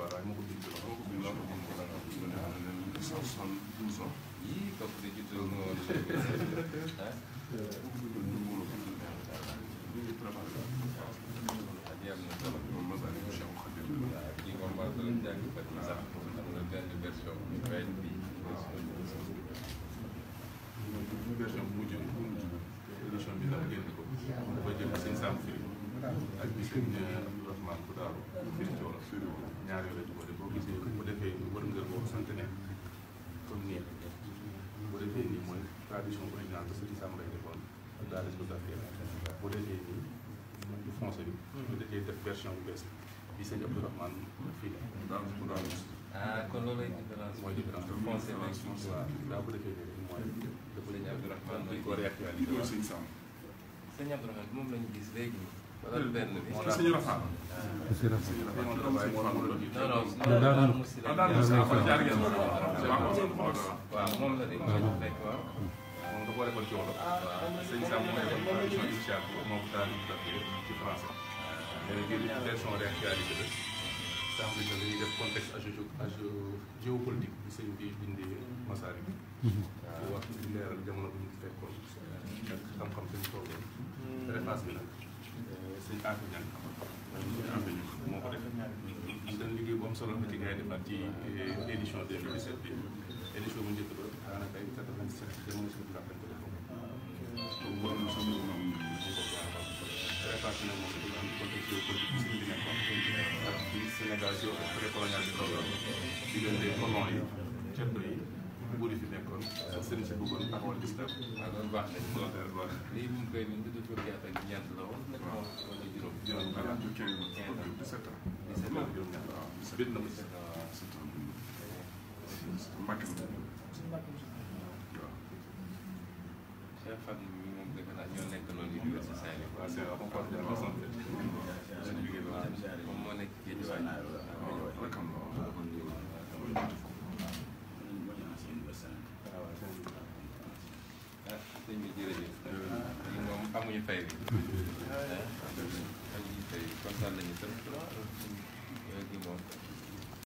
Touba waaye moo ko bind moo ko bind ko bind ko mille neuf cent soixante-douze yii topp di jiite woon nga woon version bu mujj bu mujj émission bi ndax génn ko ba jël seen saam firi ak bi seen ñaar yooyu la jubale boo gisee bu ko defee wër nga boo sant ne comme nii bu defee nii mooy defee bu defee nii du foncé bi hmm. bu defee def version bu bees bi sëñ Abdourahmane fii hmm. daal bu daal ah kon loolu lay différence mooy différence bi foncé defee nii mooy dafa la ñu Abdourahmane moom la gis léegi suñu rafaa ko defal ci wolof sëñ Sam may ko traduction initiale moom traduit ci français mais bii li version réactualité la Sam bi dañuy def contexte ageo géopolitique bi sëñ eh, bi bindee Masaalik wax leeral jamono bu ñu fekkoon ak xam-xam seen tool préface bi nag sëñ Afi Niang ñu am nañu moo ko def ñu doon liggéey bu am solo ci gars yi ci eh, édition 2017 bi édition bu njëkk ba daanaka ay 97 jamono suñu ndax dañ ko defoon donc loolu moom sama moom moo moom dañu am contexte politique bi nekkoon ak ci Sénégal ci précolonial bi diggante colon yi yi buur yi fi nekkoon sëriñ si bëggoon taxawal lislam waaw loolu baax nañ loolu dara baax lii moom kay ni ñu dugg gerte ak ñeent la woon nag moom wala juróom juróom wala juróom dix-sept ans dix-sept ans juróom ñett waaw bind na dix-sept ans waaw dix-sept ans mbàkk mi waaw Cheikh Fatou mi moom defe naa ñoo nekk loolu yi ci saa yi waaw c'est sëñ bi jërëjëf ah, lii moom amuñu fay bi ah, amuñu fay bi kontaan nañu trop ah, lii